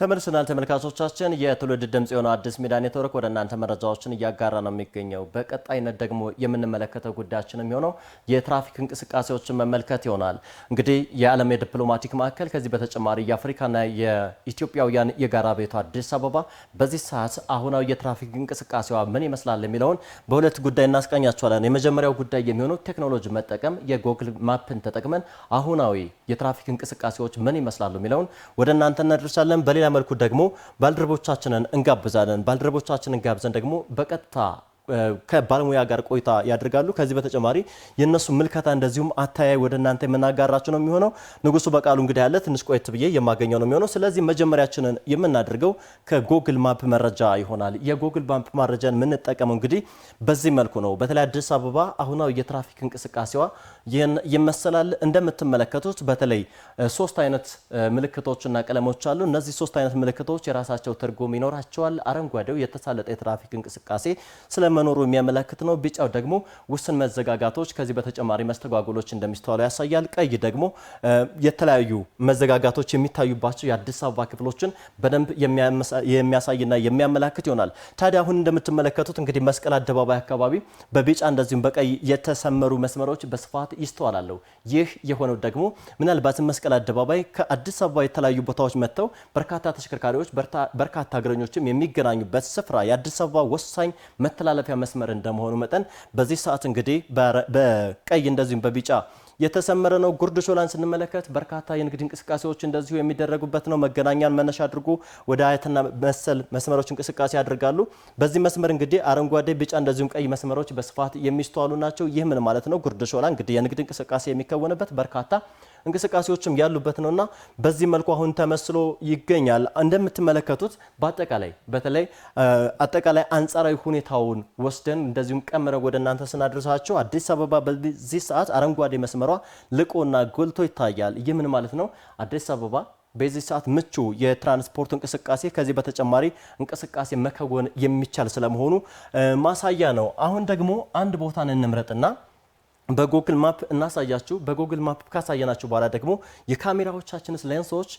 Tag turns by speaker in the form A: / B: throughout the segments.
A: ተመልሰናል ተመልካቾቻችን። የትውልድ ድምጽ የሆነው አዲስ ሚዲያ ኔትወርክ ወደ እናንተ መረጃዎችን እያጋራ ነው የሚገኘው። በቀጣይነት ደግሞ የምንመለከተው ጉዳያችን የሚሆነው የትራፊክ እንቅስቃሴዎችን መመልከት ይሆናል። እንግዲህ የዓለም የዲፕሎማቲክ ማዕከል ከዚህ በተጨማሪ የአፍሪካና የኢትዮጵያውያን የጋራ ቤቱ አዲስ አበባ በዚህ ሰዓት አሁናዊ የትራፊክ እንቅስቃሴዋ ምን ይመስላል የሚለውን በሁለት ጉዳይ እናስቃኛቸዋለን። የመጀመሪያው ጉዳይ የሚሆነው ቴክኖሎጂ መጠቀም የጎግል ማፕን ተጠቅመን አሁናዊ የትራፊክ እንቅስቃሴዎች ምን ይመስላሉ የሚለውን ወደ እናንተ እናደርሳለን። በሌላ በሌላ መልኩ ደግሞ ባልደረቦቻችንን እንጋብዛለን። ባልደረቦቻችንን ጋብዘን ደግሞ በቀጥታ ከባለሙያ ጋር ቆይታ ያደርጋሉ። ከዚህ በተጨማሪ የእነሱ ምልከታ እንደዚሁም አታያይ ወደ እናንተ የምናጋራችሁ ነው የሚሆነው። ንጉሱ በቃሉ እንግዲህ ያለ ትንሽ ቆየት ብዬ የማገኘው ነው የሚሆነው። ስለዚህ መጀመሪያችንን የምናደርገው ከጎግል ማፕ መረጃ ይሆናል። የጎግል ማፕ መረጃን የምንጠቀመው እንግዲህ በዚህ መልኩ ነው። በተለይ አዲስ አበባ አሁናዊ የትራፊክ እንቅስቃሴዋ ይመሰላል። እንደምትመለከቱት በተለይ ሶስት አይነት ምልክቶችና ቀለሞች አሉ። እነዚህ ሶስት አይነት ምልክቶች የራሳቸው ትርጉም ይኖራቸዋል። አረንጓዴው የተሳለጠ የትራፊክ እንቅስቃሴ ስለ መኖሩ የሚያመለክት ነው። ቢጫው ደግሞ ውስን መዘጋጋቶች፣ ከዚህ በተጨማሪ መስተጓጎሎች እንደሚስተዋሉ ያሳያል። ቀይ ደግሞ የተለያዩ መዘጋጋቶች የሚታዩባቸው የአዲስ አበባ ክፍሎችን በደንብ የሚያሳይና የሚያመላክት ይሆናል። ታዲያ አሁን እንደምትመለከቱት እንግዲህ መስቀል አደባባይ አካባቢ በቢጫ እንደዚሁም በቀይ የተሰመሩ መስመሮች በስፋት ይስተዋላሉ። ይህ የሆነው ደግሞ ምናልባትም መስቀል አደባባይ ከአዲስ አበባ የተለያዩ ቦታዎች መጥተው በርካታ ተሽከርካሪዎች፣ በርካታ እግረኞችም የሚገናኙበት ስፍራ የአዲስ አበባ ወሳኝ መተላለፍ ማለፊያ መስመር እንደመሆኑ መጠን በዚህ ሰዓት እንግዲህ በቀይ እንደዚሁም በቢጫ የተሰመረ ነው። ጉርድ ሾላን ስንመለከት በርካታ የንግድ እንቅስቃሴዎች እንደዚሁ የሚደረጉበት ነው። መገናኛን መነሻ አድርጎ ወደ አያትና መሰል መስመሮች እንቅስቃሴ ያደርጋሉ። በዚህ መስመር እንግዲህ አረንጓዴ፣ ቢጫ እንደዚሁም ቀይ መስመሮች በስፋት የሚስተዋሉ ናቸው። ይህ ምን ማለት ነው? ጉርድ ሾላ እንግዲህ የንግድ እንቅስቃሴ የሚከወንበት በርካታ እንቅስቃሴዎችም ያሉበት ነውና በዚህ መልኩ አሁን ተመስሎ ይገኛል። እንደምትመለከቱት በአጠቃላይ በተለይ አጠቃላይ አንጻራዊ ሁኔታውን ወስደን እንደዚሁም ቀምረ ወደ እናንተ ስናደርሳቸው አዲስ አበባ በዚህ ሰዓት አረንጓዴ መስመሯ ልቆና ጎልቶ ይታያል። ይህ ምን ማለት ነው? አዲስ አበባ በዚህ ሰዓት ምቹ የትራንስፖርት እንቅስቃሴ ከዚህ በተጨማሪ እንቅስቃሴ መከወን የሚቻል ስለመሆኑ ማሳያ ነው። አሁን ደግሞ አንድ ቦታን እንምረጥና በጎግል ማፕ እናሳያችሁ። በጎግል ማፕ ካሳየናችሁ በኋላ ደግሞ የካሜራዎቻችንስ ሌንሶች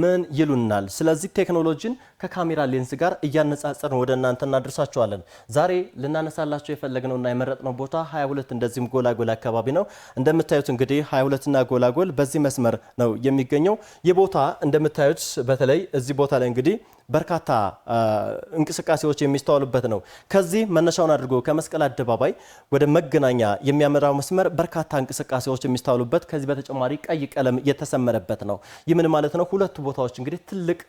A: ምን ይሉናል? ስለዚህ ቴክኖሎጂን ከካሜራ ሌንስ ጋር እያነጻጸርን ወደ እናንተ እናደርሳችኋለን። ዛሬ ልናነሳላቸው የፈለግነው እና የመረጥነው ቦታ 22 እንደዚህም ጎላጎል አካባቢ ነው። እንደምታዩት እንግዲህ 22 እና ጎላጎል በዚህ መስመር ነው የሚገኘው። ይህ ቦታ እንደምታዩት በተለይ እዚህ ቦታ ላይ እንግዲህ በርካታ እንቅስቃሴዎች የሚስተዋሉበት ነው። ከዚህ መነሻውን አድርጎ ከመስቀል አደባባይ ወደ መገናኛ የሚያመራው መስመር በርካታ እንቅስቃሴዎች የሚስተዋሉበት ከዚህ በተጨማሪ ቀይ ቀለም የተሰመረበት ነው። ይህ ምን ማለት ነው? ሁለቱ ቦታዎች እንግዲህ ትልቅ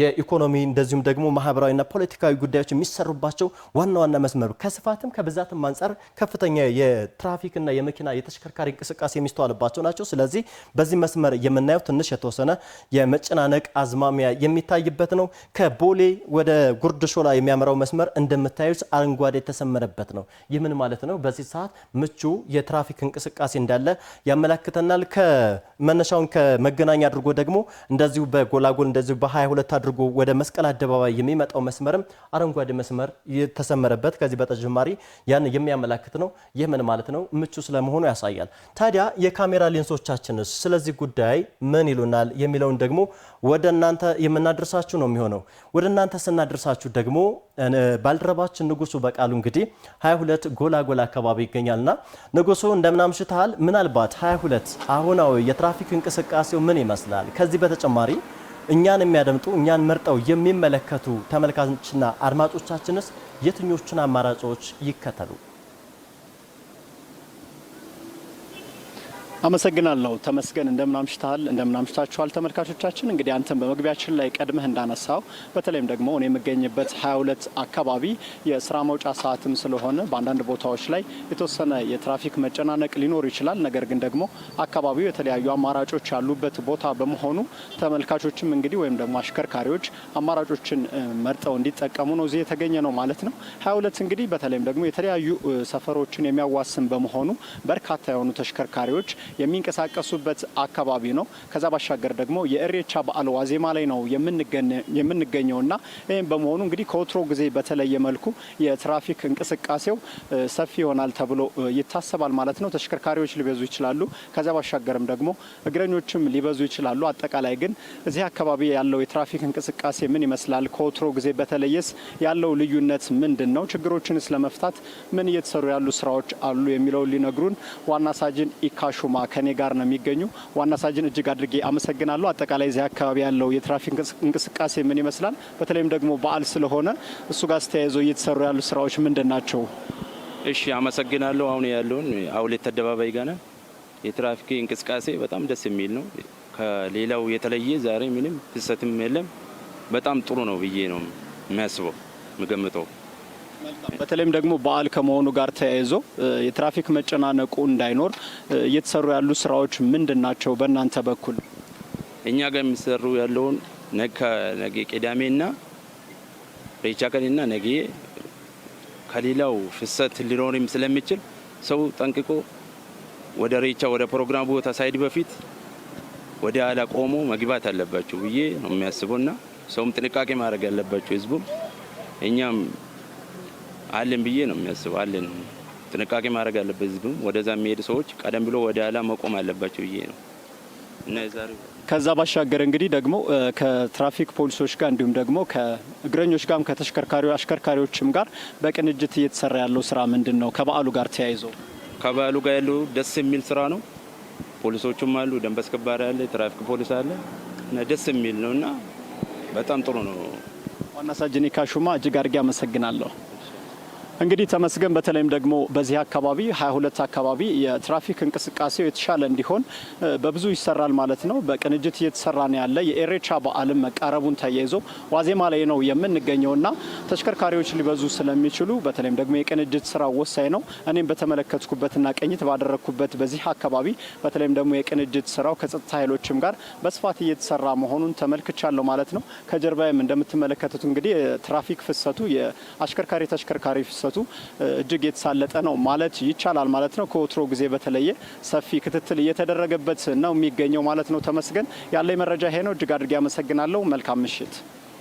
A: የኢኮኖሚ እንደዚሁም ደግሞ ማህበራዊና ፖለቲካዊ ጉዳዮች የሚሰሩባቸው ዋና ዋና መስመር ከስፋትም ከብዛትም አንጻር ከፍተኛ የትራፊክና የመኪና የተሽከርካሪ እንቅስቃሴ የሚስተዋልባቸው ናቸው። ስለዚህ በዚህ መስመር የምናየው ትንሽ የተወሰነ የመጨናነቅ አዝማሚያ የሚታይበት ነው። ነው። ከቦሌ ወደ ጉርድሾላ የሚያመራው መስመር እንደምታዩት አረንጓዴ የተሰመረበት ነው። ይህ ምን ማለት ነው? በዚህ ሰዓት ምቹ የትራፊክ እንቅስቃሴ እንዳለ ያመላክተናል። ከመነሻውን ከመገናኛ አድርጎ ደግሞ እንደዚሁ በጎላጎል እንደዚሁ በ22 አድርጎ ወደ መስቀል አደባባይ የሚመጣው መስመርም አረንጓዴ መስመር የተሰመረበት ከዚህ በተጨማሪ ያን የሚያመላክት ነው። ይህ ምን ማለት ነው? ምቹ ስለመሆኑ ያሳያል። ታዲያ የካሜራ ሌንሶቻችንስ ስለዚህ ጉዳይ ምን ይሉናል የሚለውን ደግሞ ወደ እናንተ የምናደርሳችሁ ነው የሚሆነው። ወደ እናንተ ስናደርሳችሁ ደግሞ ባልደረባችን ንጉሱ በቃሉ እንግዲህ 22 ጎላጎል አካባቢ ይገኛልና ንጉሱ እንደምናምሽታል። ምናልባት 22 አሁናዊ የትራፊክ እንቅስቃሴው ምን ይመስላል? ከዚህ በተጨማሪ እኛን የሚያደምጡ እኛን መርጠው የሚመለከቱ ተመልካችና አድማጮቻችንስ የትኞቹን አማራጮች ይከተሉ? አመሰግናለሁ ተመስገን። እንደምን አምሽተሃል? እንደምን አምሽታችኋል ተመልካቾቻችን። እንግዲህ አንተም በመግቢያችን ላይ ቀድመህ እንዳነሳው በተለይም ደግሞ እኔ የምገኝበት 22 አካባቢ የስራ መውጫ ሰዓትም ስለሆነ በአንዳንድ ቦታዎች ላይ የተወሰነ የትራፊክ መጨናነቅ ሊኖር ይችላል። ነገር ግን ደግሞ አካባቢው የተለያዩ አማራጮች ያሉበት ቦታ በመሆኑ ተመልካቾችም እንግዲህ ወይም ደግሞ አሽከርካሪዎች አማራጮችን መርጠው እንዲጠቀሙ ነው እዚህ የተገኘ ነው ማለት ነው። 22 እንግዲህ በተለይም ደግሞ የተለያዩ ሰፈሮችን የሚያዋስን በመሆኑ በርካታ የሆኑ ተሽከርካሪዎች የሚንቀሳቀሱበት አካባቢ ነው። ከዛ ባሻገር ደግሞ የእሬቻ በዓል ዋዜማ ላይ ነው የምንገኘው እና ይህም በመሆኑ እንግዲህ ከወትሮ ጊዜ በተለየ መልኩ የትራፊክ እንቅስቃሴው ሰፊ ይሆናል ተብሎ ይታሰባል ማለት ነው። ተሽከርካሪዎች ሊበዙ ይችላሉ። ከዚያ ባሻገርም ደግሞ እግረኞችም ሊበዙ ይችላሉ። አጠቃላይ ግን እዚህ አካባቢ ያለው የትራፊክ እንቅስቃሴ ምን ይመስላል? ከወትሮ ጊዜ በተለየስ ያለው ልዩነት ምንድን ነው? ችግሮችንስ ለመፍታት ምን እየተሰሩ ያሉ ስራዎች አሉ? የሚለው ሊነግሩን ዋና ሳጅን ኢካሹማ ከኔ ጋር ነው የሚገኙ። ዋና ሳጅን እጅግ አድርጌ አመሰግናለሁ። አጠቃላይ እዚህ አካባቢ ያለው የትራፊክ እንቅስቃሴ ምን ይመስላል፣ በተለይም ደግሞ በዓል ስለሆነ እሱ ጋር ተያይዞ እየተሰሩ ያሉ ስራዎች ምንድን ናቸው?
B: እሺ አመሰግናለሁ። አሁን ያለውን አውሌት አደባባይ ጋር የትራፊክ እንቅስቃሴ በጣም ደስ የሚል ነው። ከሌላው የተለየ ዛሬ ምንም ፍሰትም የለም። በጣም ጥሩ ነው ብዬ ነው የሚያስበው የምገምተው።
A: በተለይም ደግሞ በዓል ከመሆኑ ጋር ተያይዞ የትራፊክ መጨናነቁ እንዳይኖር እየተሰሩ ያሉ ስራዎች ምንድን ናቸው? በእናንተ በኩል
B: እኛ ጋር የሚሰሩ ያለውን ነገ ቅዳሜና ሬቻ ቀንና ነገ ከሌላው ፍሰት ሊኖርም ስለሚችል ሰው ጠንቅቆ ወደ ሬቻ ወደ ፕሮግራም ቦታ ሳይድ በፊት ወደ ኋላ ቆሞ መግባት አለባቸው ብዬ ነው የሚያስበውና ሰውም ጥንቃቄ ማድረግ ያለባቸው ህዝቡም እኛም አለን ብዬ ነው የሚያስበው። አለን ጥንቃቄ ማድረግ አለበት ህዝብም፣ ወደዛ የሚሄድ ሰዎች ቀደም ብሎ ወደ ኋላ መቆም አለባቸው ብዬ ነው
A: እና ከዛ ባሻገር እንግዲህ ደግሞ ከትራፊክ ፖሊሶች ጋር እንዲሁም ደግሞ ከእግረኞች ጋርም ከተሽከርካሪ አሽከርካሪዎችም ጋር በቅንጅት እየተሰራ ያለው ስራ ምንድን ነው? ከበዓሉ ጋር ተያይዞ
B: ከበዓሉ ጋር ያለው ደስ የሚል ስራ ነው። ፖሊሶቹም አሉ፣ ደንብ አስከባሪ አለ፣ ትራፊክ ፖሊስ አለ እና ደስ የሚል ነው እና በጣም ጥሩ ነው።
A: ዋና ካሹማ እጅግ አድርጌ አመሰግናለሁ። እንግዲህ ተመስገን በተለይም ደግሞ በዚህ አካባቢ 22 አካባቢ የትራፊክ እንቅስቃሴው የተሻለ እንዲሆን በብዙ ይሰራል ማለት ነው። በቅንጅት እየተሰራ ነው ያለ የኤሬቻ በዓልም መቃረቡን ተያይዞ ዋዜማ ላይ ነው የምንገኘው እና ተሽከርካሪዎች ሊበዙ ስለሚችሉ በተለይም ደግሞ የቅንጅት ስራ ወሳኝ ነው። እኔም በተመለከትኩበትና ቅኝት ባደረግኩበት በዚህ አካባቢ በተለይም ደግሞ የቅንጅት ስራው ከጸጥታ ኃይሎችም ጋር በስፋት እየተሰራ መሆኑን ተመልክቻለሁ ማለት ነው። ከጀርባዬም እንደምትመለከቱት እንግዲህ የትራፊክ ፍሰቱ የአሽከርካሪ ተሽከርካሪ ክስተቱ እጅግ የተሳለጠ ነው ማለት ይቻላል ማለት ነው። ከወትሮ ጊዜ በተለየ ሰፊ ክትትል እየተደረገበት ነው የሚገኘው ማለት ነው። ተመስገን፣ ያለ መረጃ ይሄ ነው። እጅግ አድርጌ አመሰግናለሁ። መልካም ምሽት።